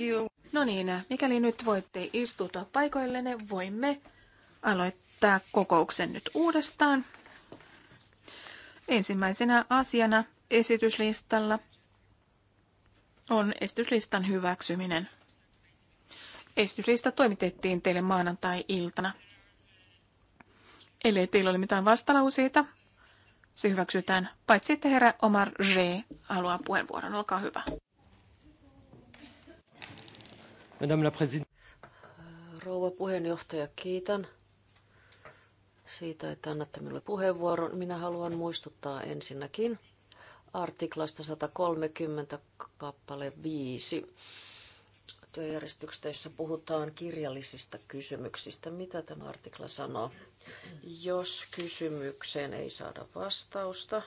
you... No niin, mikäli nyt voitte istua paikoillenne, voimme aloittaa kokouksen nyt uudestaan. Ensimmäisenä asiana esityslistalla on esityslistan hyväksyminen. Esityslista toimitettiin teille maanantai-iltana. Eli teillä ole mitään vastalauseita, se hyväksytään, paitsi että herra Omar G. haluaa puheenvuoron. Olkaa hyvä. Madame la President. Rouva puheenjohtaja, kiitän siitä, että annatte minulle puheenvuoron. Minä haluan muistuttaa ensinnäkin artiklasta 130 kappale 5 työjärjestyksestä, jossa puhutaan kirjallisista kysymyksistä. Mitä tämä artikla sanoo? Jos kysymykseen ei saada vastausta,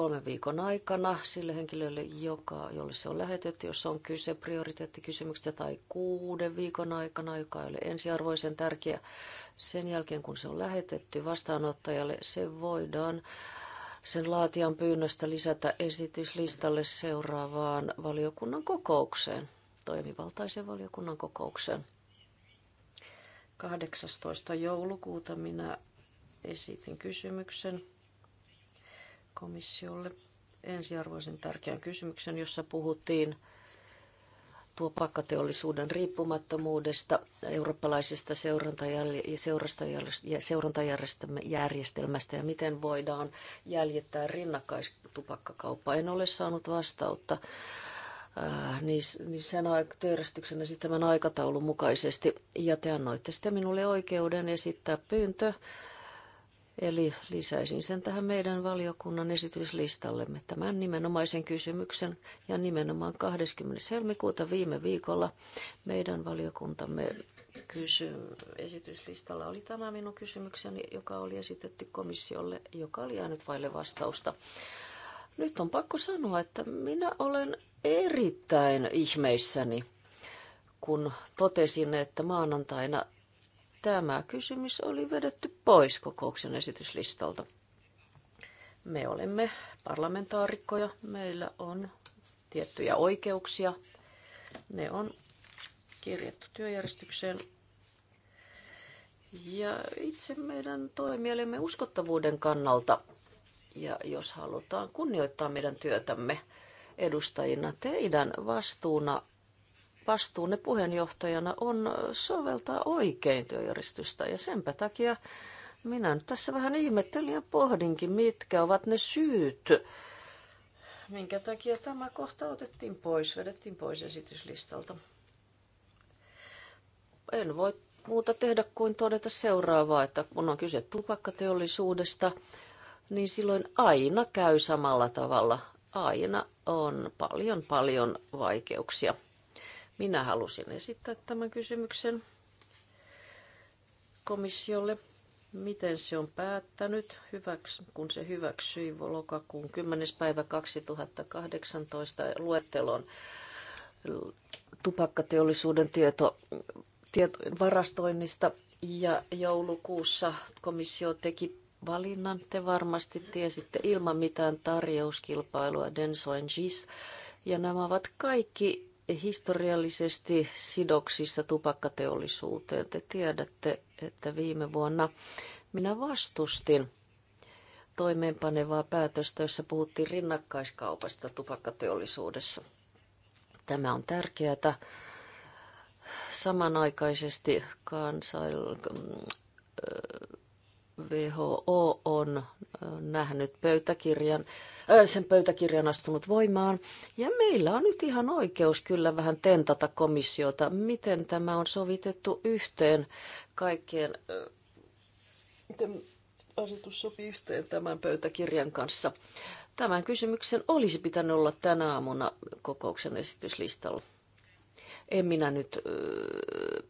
kolmen viikon aikana sille henkilölle, joka, jolle se on lähetetty, jos on kyse prioriteettikysymyksestä, tai kuuden viikon aikana, joka ei ole ensiarvoisen tärkeä. Sen jälkeen, kun se on lähetetty vastaanottajalle, se voidaan sen laatijan pyynnöstä lisätä esityslistalle seuraavaan valiokunnan kokoukseen, toimivaltaisen valiokunnan kokoukseen. 18. joulukuuta minä esitin kysymyksen komissiolle ensiarvoisen tärkeän kysymyksen, jossa puhuttiin tuopakkateollisuuden riippumattomuudesta, eurooppalaisesta seurantajärjestelmästä ja miten voidaan jäljittää rinnakkaistupakkakauppa. En ole saanut vastautta äh, niin, niin sen työjärjestyksenä sitten tämän aikataulun mukaisesti. Ja te annoitte sitten minulle oikeuden esittää pyyntö Eli lisäisin sen tähän meidän valiokunnan esityslistallemme tämän nimenomaisen kysymyksen. Ja nimenomaan 20. helmikuuta viime viikolla meidän valiokuntamme kysy- esityslistalla oli tämä minun kysymykseni, joka oli esitetty komissiolle, joka oli jäänyt vaille vastausta. Nyt on pakko sanoa, että minä olen erittäin ihmeissäni, kun totesin, että maanantaina tämä kysymys oli vedetty pois kokouksen esityslistalta. Me olemme parlamentaarikkoja, meillä on tiettyjä oikeuksia. Ne on kirjattu työjärjestykseen. Ja itse meidän toimielimme uskottavuuden kannalta, ja jos halutaan kunnioittaa meidän työtämme edustajina, teidän vastuuna vastuunne puheenjohtajana on soveltaa oikein työjärjestystä ja senpä takia minä nyt tässä vähän ihmettelin ja pohdinkin, mitkä ovat ne syyt, minkä takia tämä kohta otettiin pois, vedettiin pois esityslistalta. En voi muuta tehdä kuin todeta seuraavaa, että kun on kyse tupakkateollisuudesta, niin silloin aina käy samalla tavalla. Aina on paljon paljon vaikeuksia minä halusin esittää tämän kysymyksen komissiolle. Miten se on päättänyt, kun se hyväksyi lokakuun 10. päivä 2018 luettelon tupakkateollisuuden tieto, tieto, varastoinnista ja joulukuussa komissio teki valinnan. Te varmasti tiesitte ilman mitään tarjouskilpailua Denso Gis. Ja nämä ovat kaikki historiallisesti sidoksissa tupakkateollisuuteen. Te tiedätte, että viime vuonna minä vastustin toimeenpanevaa päätöstä, jossa puhuttiin rinnakkaiskaupasta tupakkateollisuudessa. Tämä on tärkeää. Samanaikaisesti kansail- WHO on nähnyt pöytäkirjan, sen pöytäkirjan astunut voimaan. Ja meillä on nyt ihan oikeus kyllä vähän tentata komissiota, miten tämä on sovitettu yhteen kaikkien, miten asetus sopii yhteen tämän pöytäkirjan kanssa. Tämän kysymyksen olisi pitänyt olla tänä aamuna kokouksen esityslistalla. En minä nyt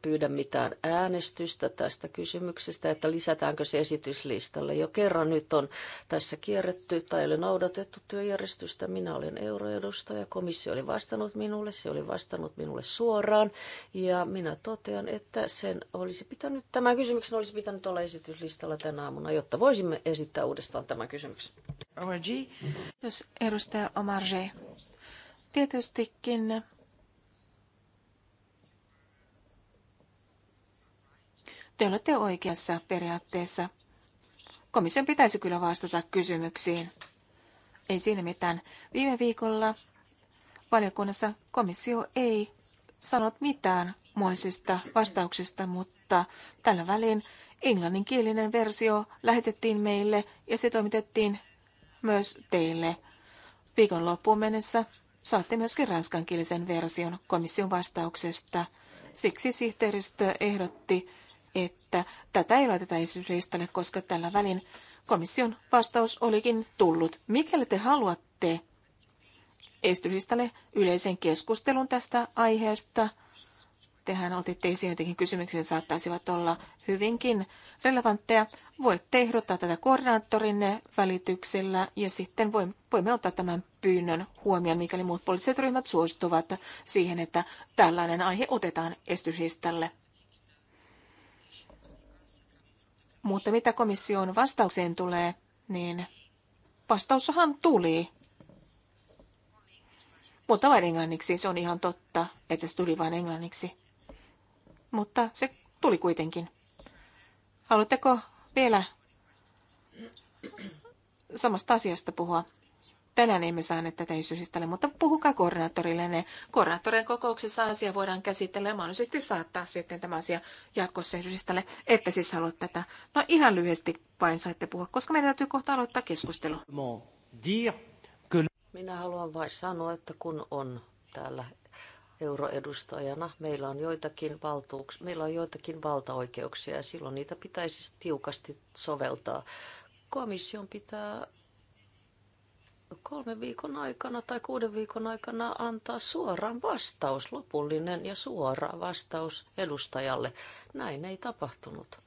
pyydä mitään äänestystä tästä kysymyksestä, että lisätäänkö se esityslistalle. Jo kerran nyt on tässä kierretty tai ei ole noudatettu työjärjestystä. Minä olen euroedustaja, komissio oli vastannut minulle, se oli vastannut minulle suoraan. Ja minä totean, että sen olisi pitänyt, tämän kysymyksen olisi pitänyt olla esityslistalla tänä aamuna, jotta voisimme esittää uudestaan tämän kysymyksen. Kiitos edustaja Omarji. Tietystikin Te olette oikeassa periaatteessa. Komission pitäisi kyllä vastata kysymyksiin. Ei siinä mitään. Viime viikolla valiokunnassa komissio ei sanonut mitään muisista vastauksista, mutta tällä välin englanninkielinen versio lähetettiin meille ja se toimitettiin myös teille. Viikon loppuun mennessä saatte myöskin ranskankielisen version komission vastauksesta. Siksi sihteeristö ehdotti että tätä ei laiteta esityslistalle, koska tällä välin komission vastaus olikin tullut. Mikäli te haluatte esityslistalle yleisen keskustelun tästä aiheesta, tehän otitte esiin jotenkin kysymyksiä, jotka saattaisivat olla hyvinkin relevantteja. Voitte ehdottaa tätä koordinaattorinne välityksellä ja sitten voimme ottaa tämän pyynnön huomioon, mikäli muut poliittiset ryhmät suostuvat siihen, että tällainen aihe otetaan esityslistalle. Mutta mitä komission vastaukseen tulee, niin vastaussahan tuli. Mutta vain englanniksi, se on ihan totta, että se tuli vain englanniksi. Mutta se tuli kuitenkin. Haluatteko vielä samasta asiasta puhua? Tänään emme saaneet tätä isyysistalle, mutta puhukaa koordinaattorille. Ne koordinaattorin kokouksessa asia voidaan käsitellä ja mahdollisesti saattaa sitten tämä asia jatkossa isyysistalle, että siis haluat tätä. No ihan lyhyesti vain saitte puhua, koska meidän täytyy kohta aloittaa keskustelu. Minä haluan vain sanoa, että kun on täällä euroedustajana, meillä on joitakin, valtuuks- meillä on joitakin valtaoikeuksia ja silloin niitä pitäisi tiukasti soveltaa. Komission pitää kolmen viikon aikana tai kuuden viikon aikana antaa suoraan vastaus, lopullinen ja suora vastaus edustajalle. Näin ei tapahtunut.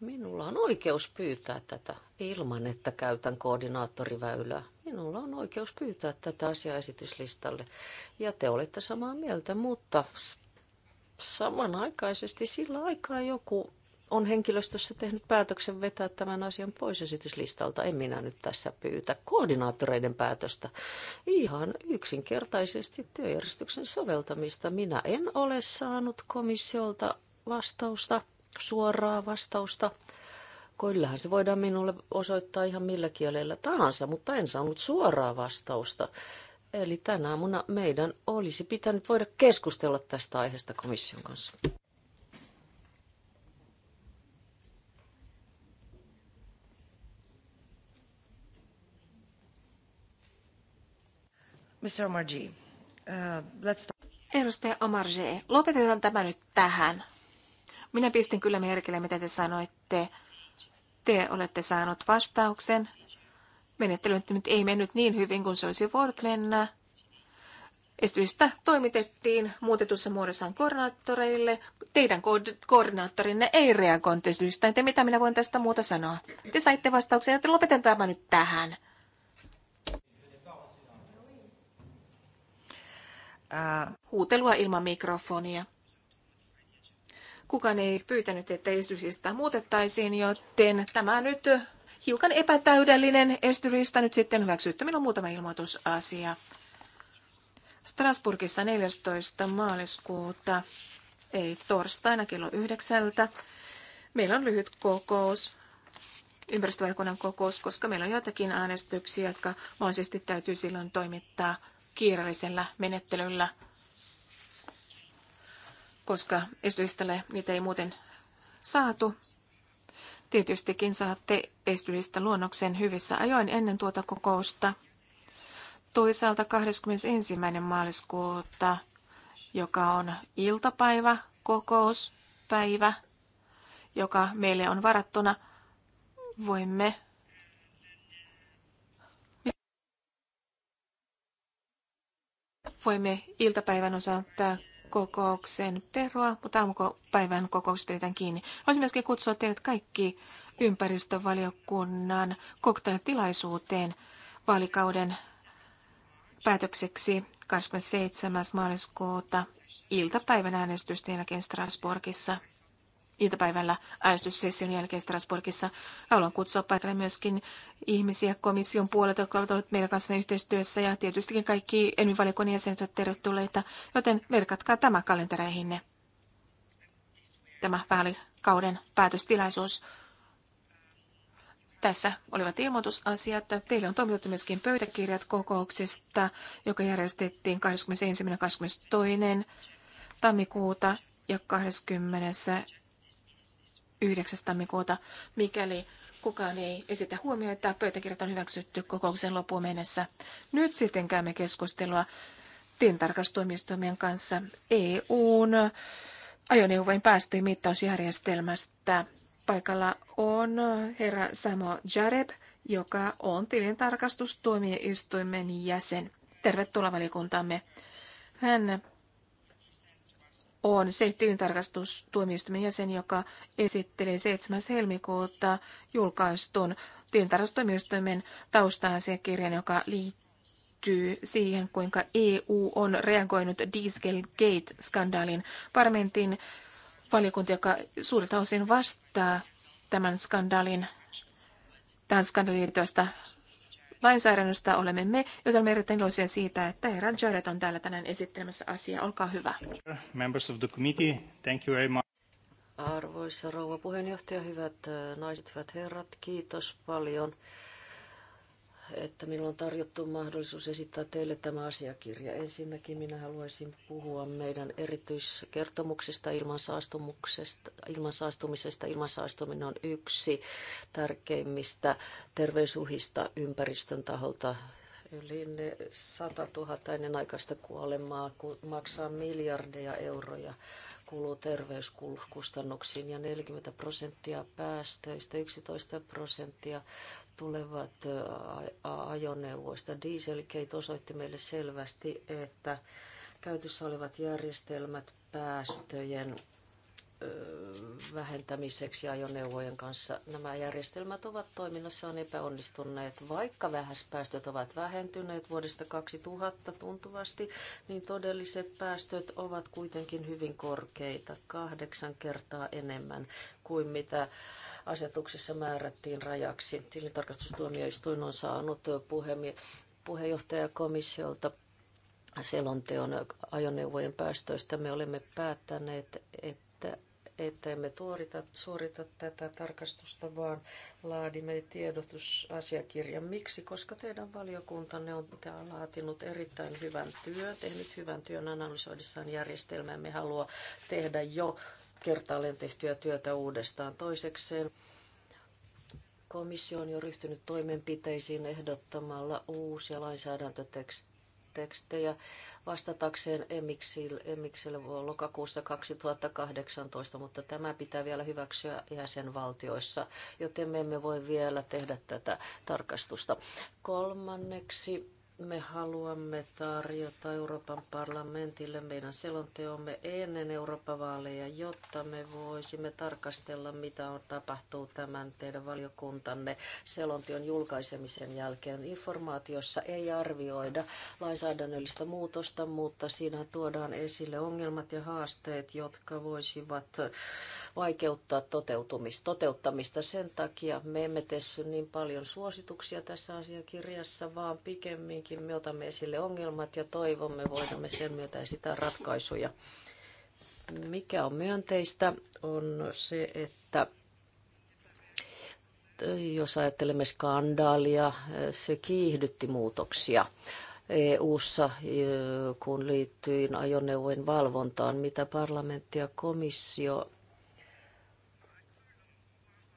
Minulla on oikeus pyytää tätä ilman, että käytän koordinaattoriväylää. Minulla on oikeus pyytää tätä asiaa esityslistalle. Ja te olette samaa mieltä, mutta samanaikaisesti sillä aikaa joku on henkilöstössä tehnyt päätöksen vetää tämän asian pois esityslistalta. En minä nyt tässä pyytä koordinaattoreiden päätöstä. Ihan yksinkertaisesti työjärjestyksen soveltamista. Minä en ole saanut komissiolta vastausta, suoraa vastausta. Kyllähän se voidaan minulle osoittaa ihan millä kielellä tahansa, mutta en saanut suoraa vastausta. Eli tänä aamuna meidän olisi pitänyt voida keskustella tästä aiheesta komission kanssa. Mr. Omarjee, uh, let's talk. Edustaja lopetetaan tämä nyt tähän. Minä pistin kyllä merkille, mitä te sanoitte. Te olette saanut vastauksen. Menettely nyt ei mennyt niin hyvin kuin se olisi voinut mennä. Esitystä toimitettiin muutetussa muodossaan koordinaattoreille. Teidän koordinaattorinne ei reagoinut esitystä, mitä minä voin tästä muuta sanoa. Te saitte vastauksen, että lopetetaan tämä nyt tähän. huutelua ilman mikrofonia. Kukaan ei pyytänyt, että esitystä muutettaisiin, joten tämä nyt hiukan epätäydellinen esityrista nyt sitten hyväksytty. Minulla on muutama ilmoitusasia. Strasburgissa 14. maaliskuuta, ei torstaina kello yhdeksältä. Meillä on lyhyt kokous, ympäristövaliokunnan kokous, koska meillä on joitakin äänestyksiä, jotka mahdollisesti täytyy silloin toimittaa kiireellisellä menettelyllä, koska esityställe niitä ei muuten saatu. Tietystikin saatte esitystä luonnoksen hyvissä ajoin ennen tuota kokousta. Toisaalta 21. maaliskuuta, joka on iltapäivä, kokouspäivä, joka meille on varattuna, voimme voimme iltapäivän osalta kokouksen perua, mutta aamupäivän kokous pidetään kiinni. Haluaisin myöskin kutsua teidät kaikki ympäristövaliokunnan koktailtilaisuuteen vaalikauden päätökseksi 27. maaliskuuta iltapäivän äänestysten jälkeen Strasbourgissa iltapäivällä äänestyssession jälkeen Strasbourgissa. Haluan kutsua paikalle myöskin ihmisiä komission puolelta, jotka ovat olleet meidän kanssa yhteistyössä ja tietystikin kaikki enmivalikon jäsenet ovat tervetulleita, joten merkatkaa tämä kalentereihinne. Tämä vaalikauden päätöstilaisuus. Tässä olivat ilmoitusasiat. Teille on toimitettu myöskin pöytäkirjat kokouksesta, joka järjestettiin 21. 22. tammikuuta ja 20. 9. tammikuuta, mikäli kukaan ei esitä huomioita. Pöytäkirjat on hyväksytty kokouksen loppuun mennessä. Nyt sitten käymme keskustelua tilintarkastustoimistoimien kanssa EUn ajoneuvojen päästöjen mittausjärjestelmästä. Paikalla on herra Samo Jareb, joka on tilintarkastustuomioistuimen jäsen. Tervetuloa valiokuntaamme. Hän on se tilintarkastustuomioistuimen jäsen, joka esittelee 7. helmikuuta julkaistun tilintarkastustuomioistuimen tausta-asiakirjan, joka liittyy siihen, kuinka EU on reagoinut Dieselgate-skandaalin parlamentin valiokunta, joka suurelta osin vastaa tämän skandaalin, tämän skandaalin liittyvästä lainsäädännöstä olemme me, joten olemme erittäin iloisia siitä, että herra Jared on täällä tänään esittelemässä asiaa. Olkaa hyvä. Members of the committee, thank you very much. Arvoisa rouva puheenjohtaja, hyvät äh, naiset, hyvät herrat, kiitos paljon että minulla on tarjottu mahdollisuus esittää teille tämä asiakirja. Ensinnäkin minä haluaisin puhua meidän erityiskertomuksesta ilmansaastumuksesta. Ilmansaastumisesta ilmansaastuminen on yksi tärkeimmistä terveysuhista ympäristön taholta yli 100 000 ennen aikaista kuolemaa maksaa miljardeja euroja kuluu terveyskustannuksiin ja 40 prosenttia päästöistä, 11 prosenttia tulevat ajoneuvoista. Dieselgate osoitti meille selvästi, että käytössä olevat järjestelmät päästöjen vähentämiseksi ajoneuvojen kanssa. Nämä järjestelmät ovat toiminnassaan epäonnistuneet. Vaikka vähäspäästöt ovat vähentyneet vuodesta 2000 tuntuvasti, niin todelliset päästöt ovat kuitenkin hyvin korkeita, kahdeksan kertaa enemmän kuin mitä asetuksessa määrättiin rajaksi. Tilintarkastustuomioistuin on saanut puhemi- puheenjohtajakomissiolta selonteon ajoneuvojen päästöistä. Me olemme päättäneet, että että emme tuorita, suorita tätä tarkastusta, vaan laadimme tiedotusasiakirjan. Miksi? Koska teidän valiokuntanne on laatinut erittäin hyvän työn, tehnyt hyvän työn analysoidessaan järjestelmää. Me haluaa tehdä jo kertaalleen tehtyä työtä uudestaan. Toisekseen komissio on jo ryhtynyt toimenpiteisiin ehdottamalla uusia lainsäädäntötekstejä vastatakseen Emiksille, Emiksille lokakuussa 2018, mutta tämä pitää vielä hyväksyä jäsenvaltioissa, joten me emme voi vielä tehdä tätä tarkastusta. Kolmanneksi me haluamme tarjota Euroopan parlamentille meidän selonteomme ennen Euroopan vaaleja, jotta me voisimme tarkastella, mitä on tapahtuu tämän teidän valiokuntanne selonteon julkaisemisen jälkeen. Informaatiossa ei arvioida lainsäädännöllistä muutosta, mutta siinä tuodaan esille ongelmat ja haasteet, jotka voisivat vaikeuttaa toteutumista, toteuttamista. Sen takia me emme tee niin paljon suosituksia tässä asiakirjassa, vaan pikemminkin me otamme esille ongelmat ja toivomme voidamme sen myötä esittää ratkaisuja. Mikä on myönteistä on se, että jos ajattelemme skandaalia, se kiihdytti muutoksia. EU-ssa, kun liittyin ajoneuvojen valvontaan, mitä parlamentti ja komissio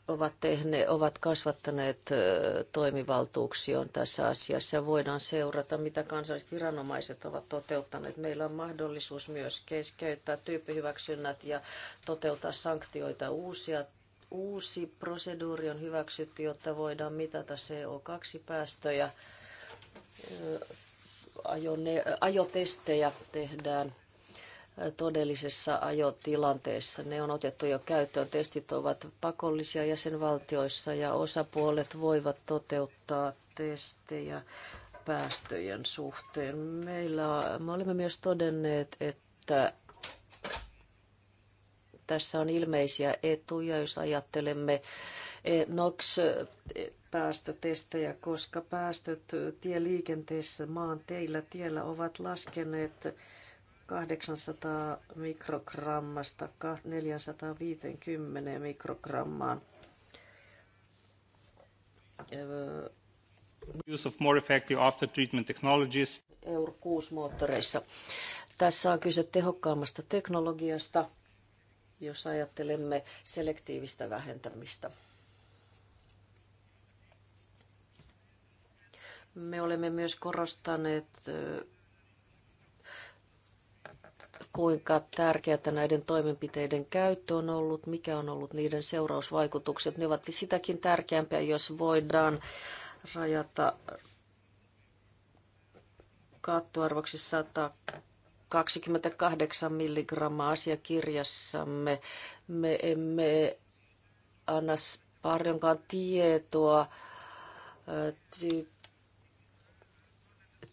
ovat, tehneet, ovat kasvattaneet toimivaltuuksiaan tässä asiassa. Voidaan seurata, mitä kansalliset viranomaiset ovat toteuttaneet. Meillä on mahdollisuus myös keskeyttää tyyppihyväksynnät ja toteuttaa sanktioita uusia. Uusi proseduuri on hyväksytty, jotta voidaan mitata CO2-päästöjä. Ajone, ajotestejä tehdään todellisessa ajotilanteessa. Ne on otettu jo käyttöön. Testit ovat pakollisia jäsenvaltioissa ja osapuolet voivat toteuttaa testejä päästöjen suhteen. Meillä, me olemme myös todenneet, että tässä on ilmeisiä etuja, jos ajattelemme NOx päästötestejä, koska päästöt tieliikenteessä maan teillä tiellä ovat laskeneet 800 mikrogrammasta 450 mikrogrammaan. Use of more effective after treatment technologies. Euro 6 moottoreissa. Tässä on kyse tehokkaammasta teknologiasta, jos ajattelemme selektiivistä vähentämistä. Me olemme myös korostaneet kuinka tärkeää näiden toimenpiteiden käyttö on ollut, mikä on ollut niiden seurausvaikutukset. Ne ovat sitäkin tärkeämpiä, jos voidaan rajata kattoarvoksi 128 milligrammaa asiakirjassamme. Me emme anna paljonkaan tietoa tyyppi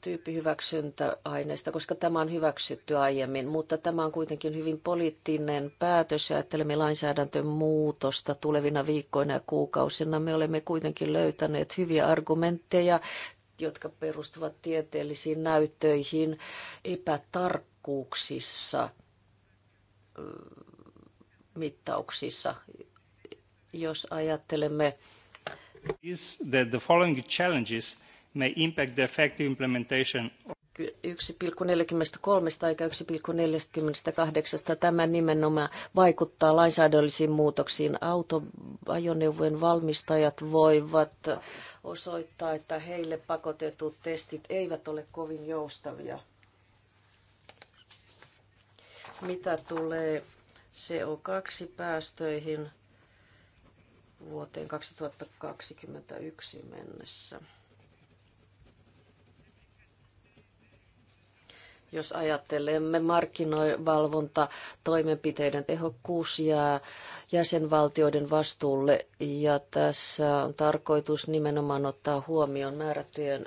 tyyppihyväksyntäaineista, koska tämä on hyväksytty aiemmin, mutta tämä on kuitenkin hyvin poliittinen päätös ja ajattelemme lainsäädäntön muutosta tulevina viikkoina ja kuukausina. Me olemme kuitenkin löytäneet hyviä argumentteja, jotka perustuvat tieteellisiin näyttöihin epätarkkuuksissa mittauksissa. Jos ajattelemme is that the following challenges may impact the effective implementation 1,43 eikä 1,48. Tämä nimenomaan vaikuttaa lainsäädännöllisiin muutoksiin. Auto, ajoneuvojen valmistajat voivat osoittaa, että heille pakotetut testit eivät ole kovin joustavia. Mitä tulee CO2-päästöihin vuoteen 2021 mennessä? Jos ajattelemme markkinoivalvonta, toimenpiteiden tehokkuus jää jäsenvaltioiden vastuulle ja tässä on tarkoitus nimenomaan ottaa huomioon määrättyjen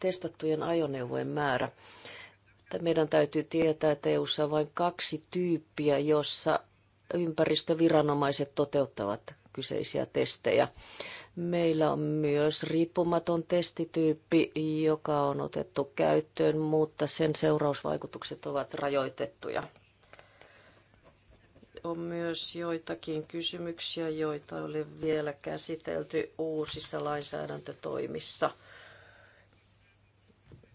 testattujen ajoneuvojen määrä. Meidän täytyy tietää, että EU:ssa on vain kaksi tyyppiä, jossa ympäristöviranomaiset toteuttavat kyseisiä testejä. Meillä on myös riippumaton testityyppi, joka on otettu käyttöön, mutta sen seurausvaikutukset ovat rajoitettuja. On myös joitakin kysymyksiä, joita oli vielä käsitelty uusissa lainsäädäntötoimissa –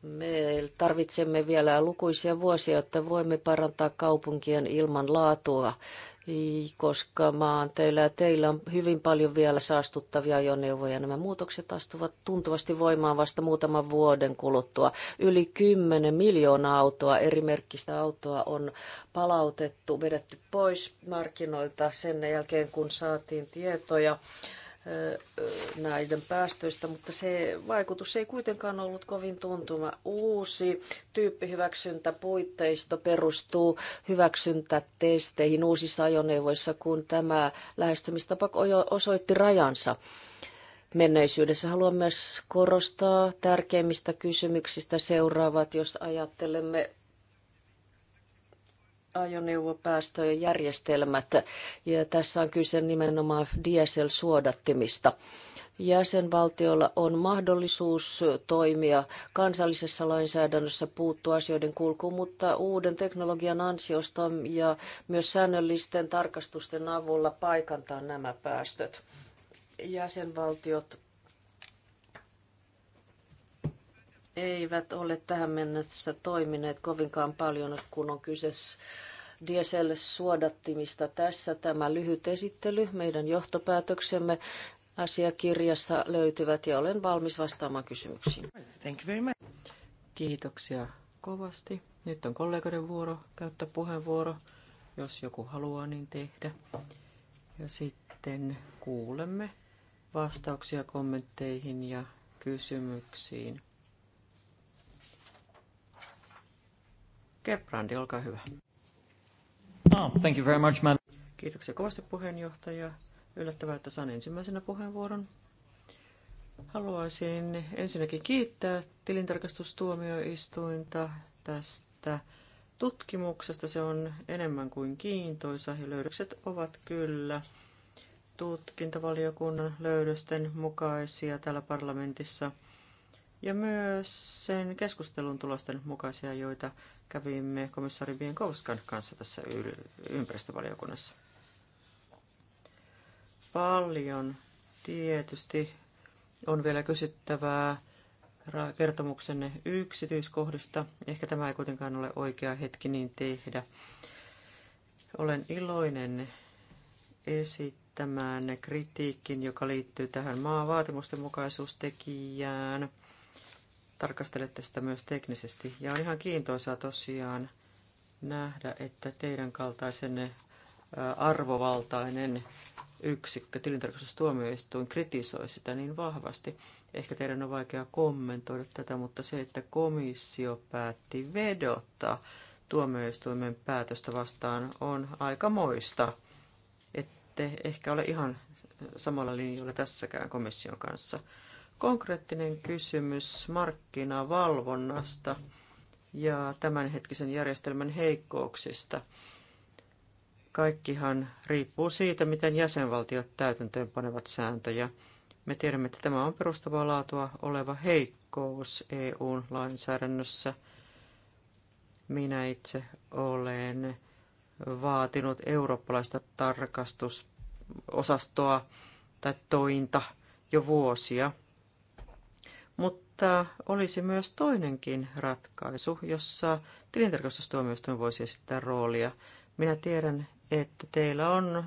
me tarvitsemme vielä lukuisia vuosia, että voimme parantaa kaupunkien ilman laatua, koska maan teillä ja teillä on hyvin paljon vielä saastuttavia ajoneuvoja. Nämä muutokset astuvat tuntuvasti voimaan vasta muutaman vuoden kuluttua. Yli 10 miljoonaa autoa, eri merkkistä autoa on palautettu, vedetty pois markkinoilta sen jälkeen, kun saatiin tietoja näiden päästöistä, mutta se vaikutus ei kuitenkaan ollut kovin tuntuma. Uusi tyyppihyväksyntäpuitteisto perustuu hyväksyntätesteihin uusissa ajoneuvoissa, kun tämä lähestymistapa osoitti rajansa menneisyydessä. Haluan myös korostaa tärkeimmistä kysymyksistä seuraavat, jos ajattelemme ajoneuvopäästöjen järjestelmät. Ja tässä on kyse nimenomaan dieselsuodattimista. Jäsenvaltioilla on mahdollisuus toimia kansallisessa lainsäädännössä puuttua asioiden kulkuun, mutta uuden teknologian ansiosta ja myös säännöllisten tarkastusten avulla paikantaa nämä päästöt. Jäsenvaltiot eivät ole tähän mennessä toimineet kovinkaan paljon, kun on kyse diesel suodattimista. Tässä tämä lyhyt esittely, meidän johtopäätöksemme asiakirjassa löytyvät ja olen valmis vastaamaan kysymyksiin. Thank you very much. Kiitoksia kovasti. Nyt on kollegoiden vuoro käyttää puheenvuoro, jos joku haluaa niin tehdä. Ja sitten kuulemme vastauksia kommentteihin ja kysymyksiin. Gebrandi, olkaa hyvä. Oh, thank you very much, man. Kiitoksia kovasti puheenjohtaja. Yllättävää, että saan ensimmäisenä puheenvuoron. Haluaisin ensinnäkin kiittää tilintarkastustuomioistuinta tästä tutkimuksesta. Se on enemmän kuin kiintoisa ja löydökset ovat kyllä tutkintavaliokunnan löydösten mukaisia täällä parlamentissa ja myös sen keskustelun tulosten mukaisia, joita Kävimme komissaari Bienkowskan kanssa tässä ympäristövaliokunnassa. Paljon tietysti on vielä kysyttävää kertomuksenne yksityiskohdista. Ehkä tämä ei kuitenkaan ole oikea hetki niin tehdä. Olen iloinen esittämään kritiikin, joka liittyy tähän maavaatimusten mukaisuustekijään tarkastelette sitä myös teknisesti. Ja on ihan kiintoisaa tosiaan nähdä, että teidän kaltaisenne arvovaltainen yksikkö, tilintarkastustuomioistuin, kritisoi sitä niin vahvasti. Ehkä teidän on vaikea kommentoida tätä, mutta se, että komissio päätti vedota tuomioistuimen päätöstä vastaan, on aika moista. Ette ehkä ole ihan samalla linjalla tässäkään komission kanssa. Konkreettinen kysymys markkinavalvonnasta ja tämänhetkisen järjestelmän heikkouksista. Kaikkihan riippuu siitä, miten jäsenvaltiot täytäntöön panevat sääntöjä. Me tiedämme, että tämä on perustavaa laatua oleva heikkous EUn lainsäädännössä. Minä itse olen vaatinut eurooppalaista tarkastusosastoa tai tointa jo vuosia mutta olisi myös toinenkin ratkaisu, jossa tilintarkastustuomioistuin voisi esittää roolia. Minä tiedän, että teillä on ö,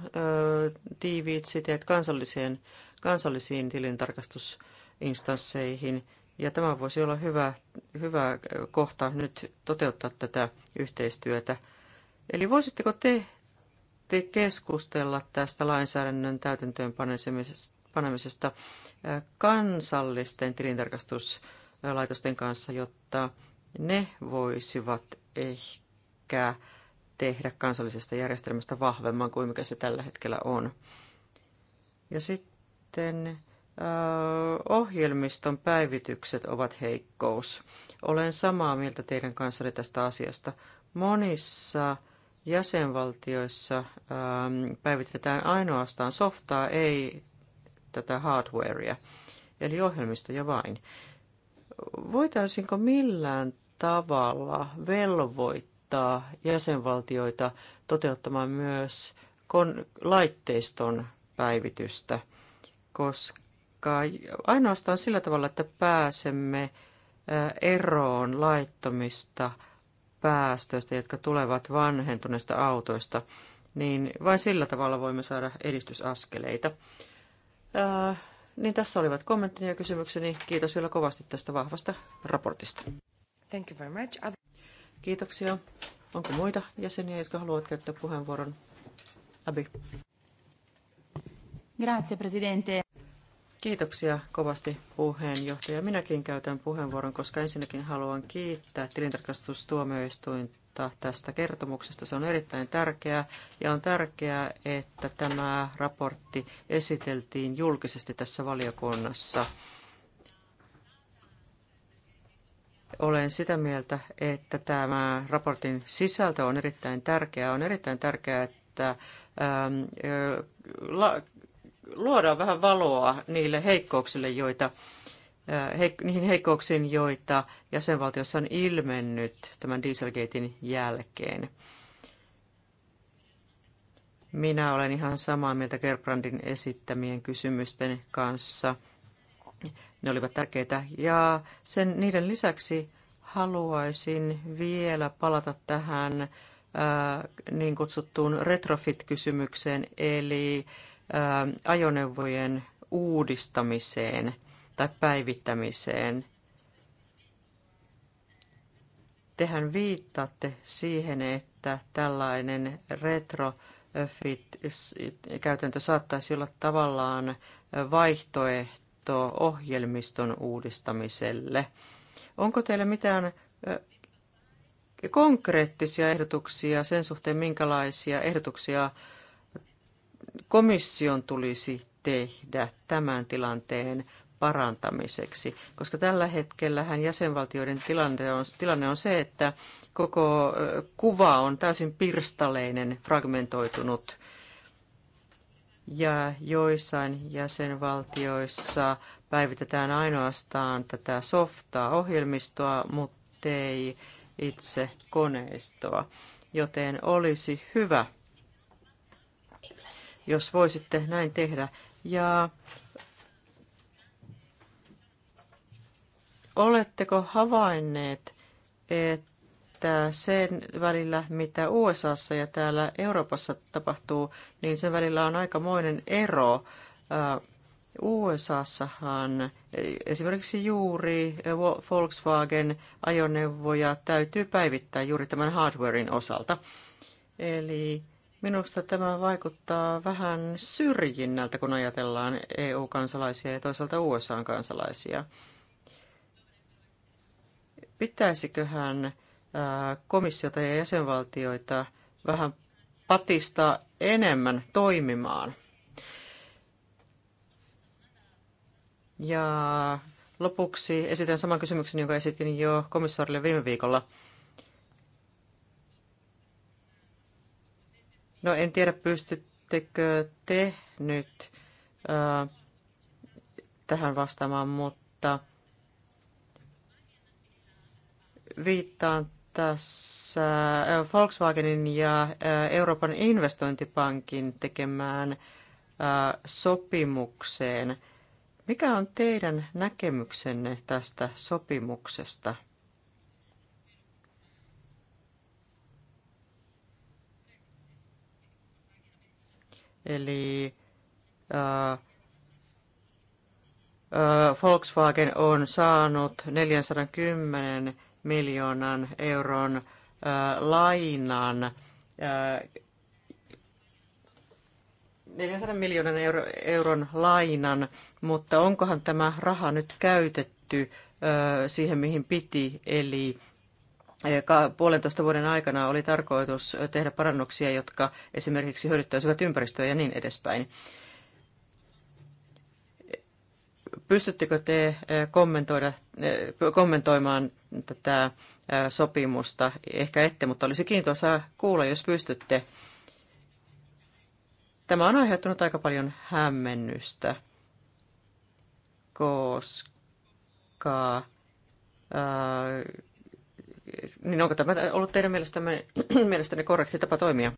tiiviit siteet kansalliseen, kansallisiin tilintarkastusinstansseihin, ja tämä voisi olla hyvä, hyvä kohta nyt toteuttaa tätä yhteistyötä. Eli voisitteko te, te keskustella tästä lainsäädännön täytäntöönpanemisesta? panemisesta kansallisten tilintarkastuslaitosten kanssa, jotta ne voisivat ehkä tehdä kansallisesta järjestelmästä vahvemman kuin mikä se tällä hetkellä on. Ja sitten ohjelmiston päivitykset ovat heikkous. Olen samaa mieltä teidän kanssanne tästä asiasta. Monissa jäsenvaltioissa päivitetään ainoastaan softaa, ei tätä hardwarea, eli ohjelmistoja vain. Voitaisinko millään tavalla velvoittaa jäsenvaltioita toteuttamaan myös laitteiston päivitystä, koska ainoastaan sillä tavalla, että pääsemme eroon laittomista päästöistä, jotka tulevat vanhentuneista autoista, niin vain sillä tavalla voimme saada edistysaskeleita. Äh, niin tässä olivat kommenttini ja kysymykseni. Kiitos vielä kovasti tästä vahvasta raportista. Thank you very much. Kiitoksia. Onko muita jäseniä, jotka haluavat käyttää puheenvuoron? Abi. Grazie, presidente. Kiitoksia kovasti puheenjohtaja. Minäkin käytän puheenvuoron, koska ensinnäkin haluan kiittää tilintarkastustuomioistuinta huolimatta tästä kertomuksesta. Se on erittäin tärkeää ja on tärkeää, että tämä raportti esiteltiin julkisesti tässä valiokunnassa. Olen sitä mieltä, että tämä raportin sisältö on erittäin tärkeää. On erittäin tärkeää, että ähm, la, luodaan vähän valoa niille heikkouksille, joita äh, heik- niihin heikkouksiin, joita jäsenvaltiossa on ilmennyt tämän Dieselgatein jälkeen. Minä olen ihan samaa mieltä Gerbrandin esittämien kysymysten kanssa. Ne olivat tärkeitä. Ja sen, niiden lisäksi haluaisin vielä palata tähän ää, niin kutsuttuun retrofit-kysymykseen, eli ää, ajoneuvojen uudistamiseen – tai päivittämiseen. Tehän viittaatte siihen, että tällainen retrofit-käytäntö saattaisi olla tavallaan vaihtoehto ohjelmiston uudistamiselle. Onko teillä mitään konkreettisia ehdotuksia sen suhteen, minkälaisia ehdotuksia komission tulisi tehdä tämän tilanteen parantamiseksi, koska tällä hetkellähän jäsenvaltioiden tilanne on, tilanne on se, että koko kuva on täysin pirstaleinen, fragmentoitunut ja joissain jäsenvaltioissa päivitetään ainoastaan tätä softaa ohjelmistoa, mutta ei itse koneistoa. Joten olisi hyvä, jos voisitte näin tehdä. Ja Oletteko havainneet, että sen välillä, mitä USAssa ja täällä Euroopassa tapahtuu, niin sen välillä on aikamoinen ero. Äh, USAssahan e, esimerkiksi juuri Volkswagen-ajoneuvoja täytyy päivittää juuri tämän hardwarein osalta. Eli minusta tämä vaikuttaa vähän syrjinnältä, kun ajatellaan EU-kansalaisia ja toisaalta USA-kansalaisia pitäisiköhän komissiota ja jäsenvaltioita vähän patistaa enemmän toimimaan. Ja lopuksi esitän saman kysymyksen, jonka esitin jo komissaarille viime viikolla. No en tiedä, pystyttekö te nyt äh, tähän vastaamaan, mutta – Viittaan tässä äh, Volkswagenin ja äh, Euroopan investointipankin tekemään äh, sopimukseen. Mikä on teidän näkemyksenne tästä sopimuksesta? Eli äh, äh, Volkswagen on saanut 410 miljoonan euron lainan 400 miljoonan euro, euron lainan, mutta onkohan tämä raha nyt käytetty ö, siihen, mihin piti, eli puolentoista vuoden aikana oli tarkoitus tehdä parannuksia, jotka esimerkiksi hyödyttäisivät ympäristöä ja niin edespäin pystyttekö te eh, kommentoida, eh, kommentoimaan tätä eh, sopimusta? Ehkä ette, mutta olisi kiintoisaa kuulla, jos pystytte. Tämä on aiheuttanut aika paljon hämmennystä, koska... Ää, niin onko tämä ollut teidän mielestänne, mielestänne korrekti tapa toimia?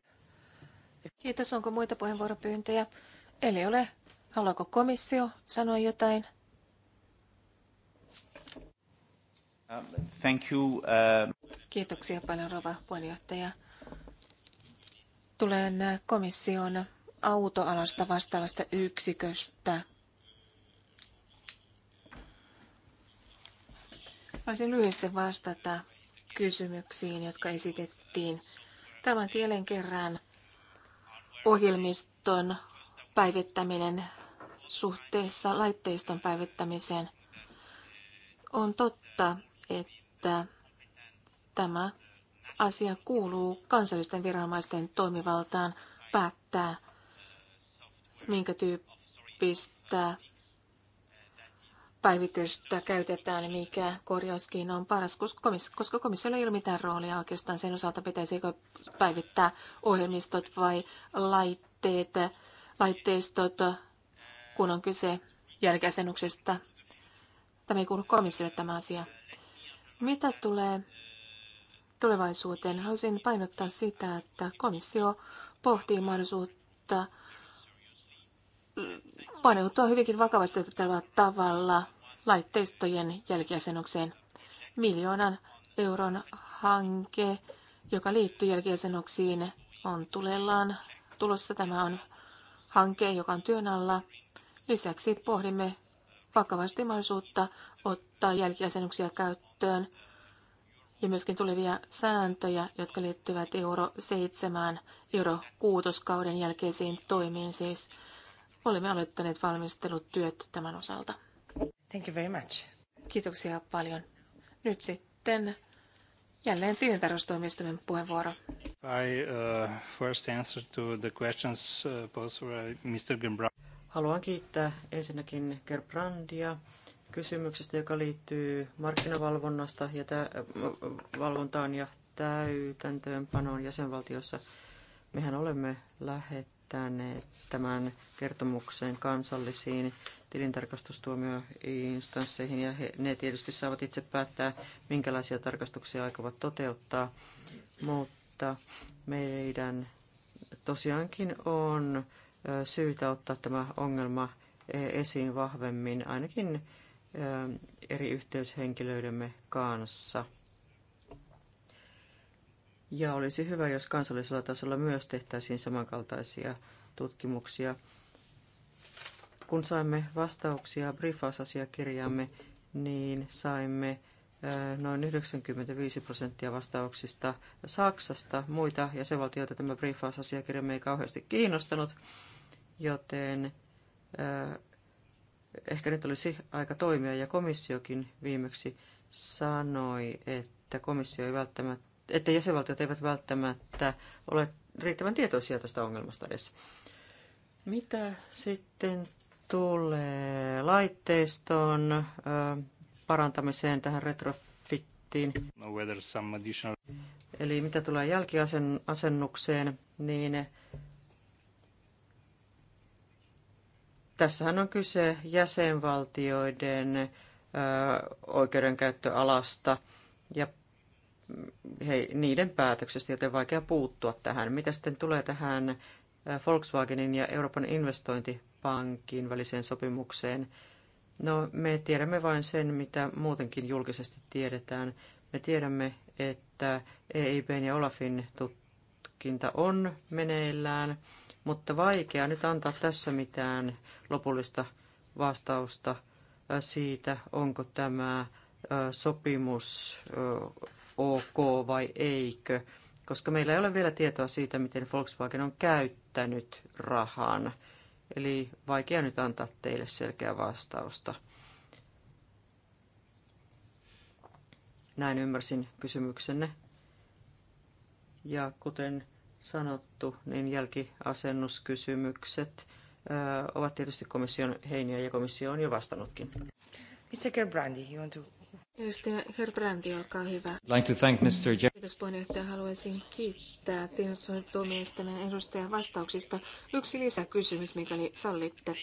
Kiitos. Onko muita puheenvuoropyyntöjä? Eli ole Haluaako komissio sanoa jotain? Thank you. Uh, Kiitoksia paljon, rouva puheenjohtaja. Tulen komission autoalasta vastaavasta yksiköstä. Voisin lyhyesti vastata kysymyksiin, jotka esitettiin. Tämä on jälleen kerran ohjelmiston päivittäminen suhteessa laitteiston päivittämiseen. On totta, että tämä asia kuuluu kansallisten viranomaisten toimivaltaan päättää, minkä tyyppistä päivitystä käytetään, mikä korjauskin on paras, koska komissiolla ei ole mitään roolia oikeastaan sen osalta, pitäisikö päivittää ohjelmistot vai laitteet, laitteistot kun on kyse jälkäsennuksesta. Tämä ei kuulu komissiolle tämä asia. Mitä tulee tulevaisuuteen, haluaisin painottaa sitä, että komissio pohtii mahdollisuutta paneutua hyvinkin vakavasti otettavalla tavalla laitteistojen jälkiasennukseen. Miljoonan euron hanke, joka liittyy jälkiasennuksiin, on tulellaan tulossa. Tämä on hanke, joka on työn alla Lisäksi pohdimme vakavasti mahdollisuutta ottaa jälkiasennuksia käyttöön ja myöskin tulevia sääntöjä, jotka liittyvät euro 7, euro 6 kauden jälkeisiin toimiin siis. Olemme aloittaneet valmistelutyöt tämän osalta. Thank you very much. Kiitoksia paljon. Nyt sitten jälleen tilintarkastustuomioistuimen puheenvuoro. I uh, first answer to the questions uh, posed by uh, Mr. Gimbrand. Haluan kiittää ensinnäkin Gerbrandia kysymyksestä, joka liittyy markkinavalvonnasta ja tä- äh, valvontaan ja täytäntöönpanoon jäsenvaltiossa. Mehän olemme lähettäneet tämän kertomuksen kansallisiin tilintarkastustuomioinstansseihin ja he, ne tietysti saavat itse päättää, minkälaisia tarkastuksia aikovat toteuttaa, mutta meidän tosiaankin on syytä ottaa tämä ongelma esiin vahvemmin, ainakin eri yhteyshenkilöidemme kanssa. Ja olisi hyvä, jos kansallisella tasolla myös tehtäisiin samankaltaisia tutkimuksia. Kun saimme vastauksia briefausasiakirjaamme, niin saimme noin 95 prosenttia vastauksista Saksasta. Muita jäsenvaltioita tämä briefausasiakirja me ei kauheasti kiinnostanut joten ehkä nyt olisi aika toimia. Ja komissiokin viimeksi sanoi, että komissio ei välttämättä, että jäsenvaltiot eivät välttämättä ole riittävän tietoisia tästä ongelmasta edes. Mitä sitten tulee laitteiston parantamiseen tähän retrofittiin? Eli mitä tulee jälkiasennukseen, niin Tässähän on kyse jäsenvaltioiden oikeudenkäyttöalasta ja mm, he, niiden päätöksestä, joten vaikea puuttua tähän. Mitä sitten tulee tähän Volkswagenin ja Euroopan investointipankin väliseen sopimukseen? No, me tiedämme vain sen, mitä muutenkin julkisesti tiedetään. Me tiedämme, että EIBn ja Olafin tutkinta on meneillään mutta vaikea nyt antaa tässä mitään lopullista vastausta siitä, onko tämä sopimus ok vai eikö, koska meillä ei ole vielä tietoa siitä, miten Volkswagen on käyttänyt rahan. Eli vaikea nyt antaa teille selkeää vastausta. Näin ymmärsin kysymyksenne. Ja kuten sanottu, niin jälkiasennuskysymykset ovat tietysti komission heiniä ja komissio on jo vastannutkin. Mr. Gerbrandi, you want to... Edustaja Herbrandi, olkaa hyvä. Like to thank Mr. Jeff. Kiitos puheenjohtaja. Haluaisin kiittää tiedonsuojelutuomioistuimen edustajan vastauksista. Yksi lisäkysymys, mikäli sallitte.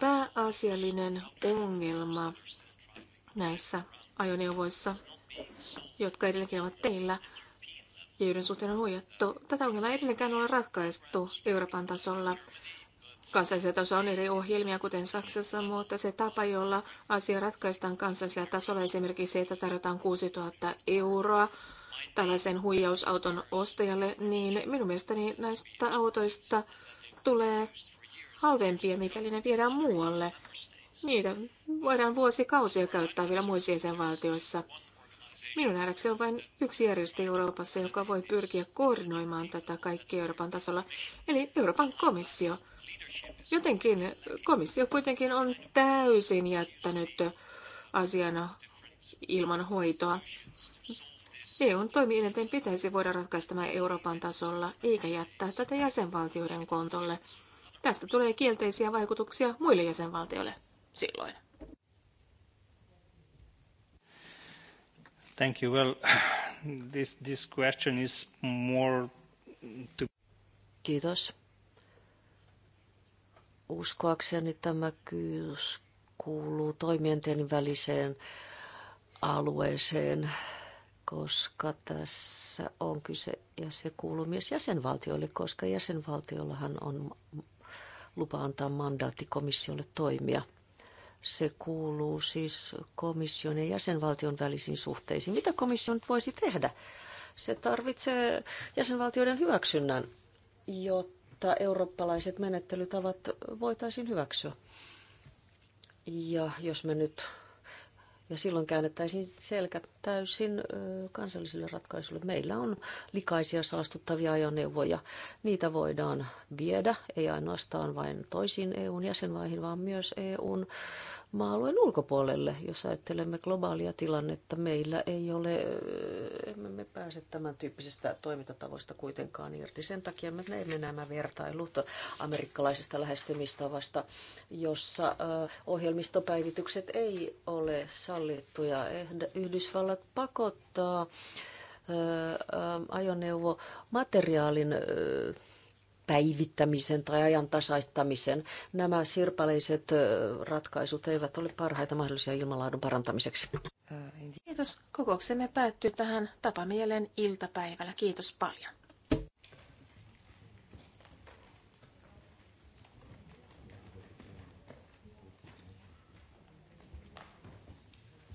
Pääasiallinen ongelma näissä ajoneuvoissa, jotka edelleenkin ovat teillä, ja joiden suhteen on huijattu. Tätä ongelmaa ei edelleenkään ole ratkaistu Euroopan tasolla. Kansallisella tasolla on eri ohjelmia, kuten Saksassa, mutta se tapa, jolla asia ratkaistaan kansallisella tasolla, esimerkiksi se, että tarjotaan 6000 euroa tällaisen huijausauton ostajalle, niin minun mielestäni näistä autoista tulee halvempia, mikäli ne viedään muualle. Niitä voidaan vuosikausia käyttää vielä muissa jäsenvaltioissa. Minun nähdäkseni on vain yksi järjestö Euroopassa, joka voi pyrkiä koordinoimaan tätä kaikkea Euroopan tasolla, eli Euroopan komissio. Jotenkin komissio kuitenkin on täysin jättänyt asiana ilman hoitoa. EUn toimielinten pitäisi voida ratkaista tämä Euroopan tasolla, eikä jättää tätä jäsenvaltioiden kontolle. Tästä tulee kielteisiä vaikutuksia muille jäsenvaltioille silloin. Thank you. Well, this, this question is more to... Kiitos. Uskoakseni tämä kysymys kuuluu toimijoiden väliseen alueeseen, koska tässä on kyse, ja se kuuluu myös jäsenvaltioille, koska jäsenvaltiollahan on lupa antaa mandaatti komissiolle toimia – se kuuluu siis komission ja jäsenvaltion välisiin suhteisiin. Mitä komissio nyt voisi tehdä? Se tarvitsee jäsenvaltioiden hyväksynnän, jotta eurooppalaiset menettelytavat voitaisiin hyväksyä. Ja jos me nyt ja silloin käännettäisiin selkä täysin kansallisille ratkaisuille. Meillä on likaisia saastuttavia ajoneuvoja. Niitä voidaan viedä, ei ainoastaan vain toisiin EUn jäsenmaihin, vaan myös EUn maalueen ulkopuolelle. Jos ajattelemme globaalia tilannetta, meillä ei ole, eh, emme me pääse tämän tyyppisistä toimintatavoista kuitenkaan irti. Sen takia me näemme nämä vertailut amerikkalaisesta lähestymistavasta, jossa eh, ohjelmistopäivitykset ei ole sallittuja. Yhdysvallat pakottaa eh, ajoneuvomateriaalin materiaalin päivittämisen tai ajan tasaistamisen. Nämä sirpaleiset ratkaisut eivät ole parhaita mahdollisia ilmanlaadun parantamiseksi. Kiitos. Kokouksemme päättyy tähän tapamielen iltapäivällä. Kiitos paljon.